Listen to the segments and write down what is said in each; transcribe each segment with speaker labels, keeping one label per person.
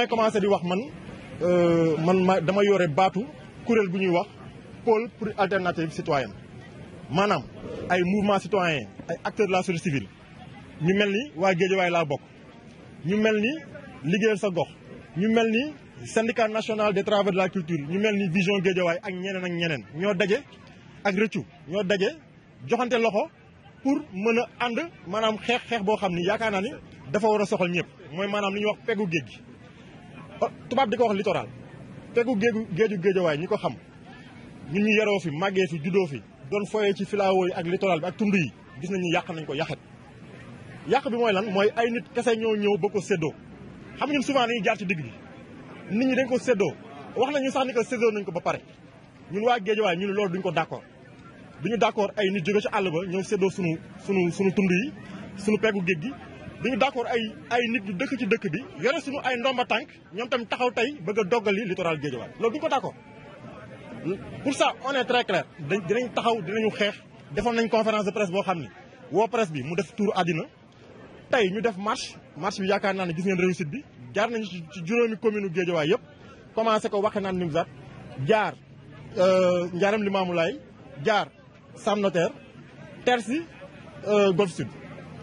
Speaker 1: may commencé di wax man euh, man ma dama yore batou kuréel bu ñuy wax pôle pour alternative citoyenne manam ay mouvement citoyen ay acteurs de la société civile ñu melni wa waa la laa bokk ñu melni ni sa gox ñu melni syndicat national des travailleurs de la culture ñu melni vision Géejawaay ak ñenen ak ñenen ño dajé ak rëccu ño dajé joxanté loxo pour mën and manam xex xex bo xamni xam ni ni dafa wara soxal ñëpp moy manam li ñu wax peggu géej tubaab di ko wax littoral tegu géeju géeju géejawaay ñi ko xam ñun ñu yaroo fi màggee fi juddoo fi doon foyee ci filao yi ak littoral bi ak tund yi gis nañu yàq nañ ko yàqet yàq bi mooy lan mooy ay nit kese ñoo ñëw ba ko séddoo xam ñun souvent dañuy jaar ci digg bi nit ñi ko séddoo wax nañu sax ni ko séddoo nañ ko ba pare ñun waa géejawaay ñu ne loolu duñ ko d'accord ñu d'accord ay nit jóge ci àll ba ñëw séddoo sunu sunu sunu tund yi sunu peggu géej gi duñu d'accord ay ay nit di dëkk ci dëkk bi yore suñu ay ndomba tank ñom tam taxaw tay bëgg a doggali littoral Guédiawaye lo duñ ko d'accord hmm? pour ça on est très clair dinañ taxaw dinañu xex defoon nañ conférence de presse bo xamni wo presse bi mu def tour adina tay ñu def marche marche bi yaakaar naa ne gis ngeen réussite bi jaar nañ ci juróomi commune u Guédiawaye yëpp commencé ko waxe naan nimzat jaar euh, njaaram Limamoulaye jaar Sam Notaire Tersi euh, Golf Sud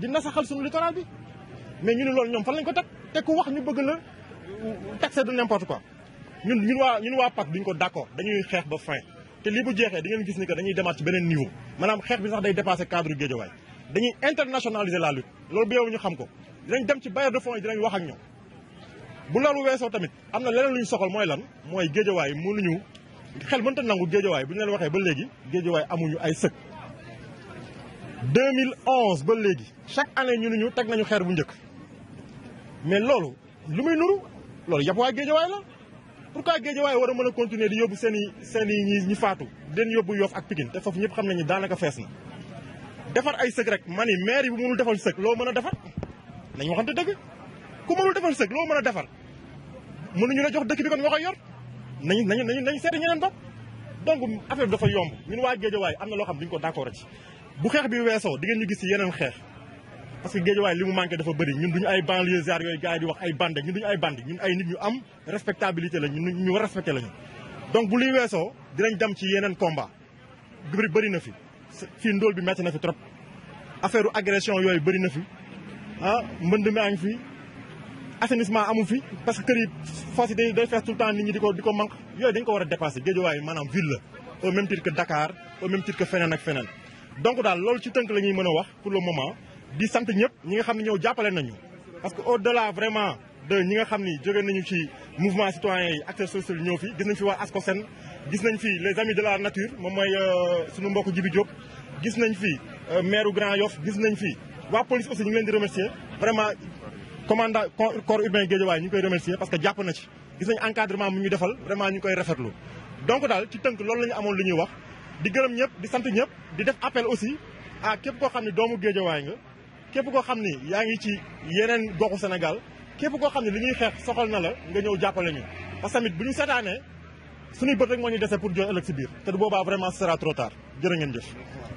Speaker 1: di nasaxal suñu littoral bi mais ñu ne loolu ñoom fan lañ ko teg te ku wax ñu bëgg la taxé du n'importe quoi ñun ñun wa ñun wa PAK duñ ko d'accord dañuy xeex ba fin te li bu jexé di ngeen gis ni que dañuy demaat ci beneen niveau manam xeex bi sax day dépasser cadre Guédiawaye dañuy internationaliser la lutte loolu bi yow ñu xam ko dinañ dem ci bailleurs de fonds yi dinañ wax ak ñoom bu loolu weesoo tamit am na leneen lu soxal mooy lan mooy Guédiawaye mënuñu xel mënta nangu Guédiawaye bu ñu leen waxee ba léegi Guédiawaye amuñu ay sëkk mille 2011 ba léegi chaque année ñu ñu teg nañu xeer bu njëkk mais loolu lu muy nuru loolu yàpp waa géejawaay la pourquoi géejawaay war a mën a continuer di yóbbu seen i seen i ñi ñi faatu den yóbbu yoof ak Pikine te foofu ñëpp xam nañu daanaka fees na defar ay sëg rek man ni maire yi bu mënul defal sëg loo mën a defar nañ waxante dëgg ku mënul defal sëg loo mën a defar mënuñu la jox dëkk bi kon nga koy yor nañu nañu nañu seeti ñeneen bopp donc affaire bi dafa yomb ñun waa géejawaay am na loo xam duñ ko d'accord ci bu xeex bi weesoo di ngeen ñu gis ci yeneen xeex parce que géejawaay li mu manqué dafa bëri ñun duñu ay banlieusards yooyu gars yi di wax ay bande ñun duñu ay bande ñun ay nit ñu am respectabilité la ñun ñu respecté la ñu donc bu luy weesoo dinañ dem ci yeneen combat bëri bëri na fi fii ndóol bi metti na fi trop affaire agression yooyu bëri na fi ah mbënd mi añ fi assainissement amu fi parce que kër yi foos yi day fees tout nit ñi di ko war a dépassé géejawaay maanaam ville la au même titre que Dakar au même titre que feneen donc daal loolu ci tënk la ñuy mën a wax pour le moment di sant ñëpp ñi nga xam ne ñëw jàppale nañu parce que au la vraiment de ñi nga xam ni jóge nañu ci mouvement citoyen yi acteurs sociaux ñëw fii gis nañ fi waa ASCOSEN gis nañ fi les amis de la nature moom mooy euh, suñu mbokk Jibi Diop gis nañ fi euh, maire Grand Yoff gis nañ fi waa police aussi ñu ngi leen di remercier vraiment commandant corps urbain Guédiawaye ñu ngi koy remercier parce que jàpp na ci gis nañ encadrement defal vraiment ñu ngi koy rafetlu donc daal ci tënk loolu la ñu lu ñuy wax di gërëm ñëpp di sant ñëpp di def appel aussi à képp koo xam ne doomu géejawaay nga képp koo xam ni yaa ngi ci yeneen goxu senegal képp koo xam ne li ñuy xeex soxal na la nga ñëw jàppale ñu parce que tamit bu ñu seetaanee suñuy bët rek moo ñu dese pour jooy ëllëg si biir te du boobaa vraiment ce sera trop tard jërë ngeen jëf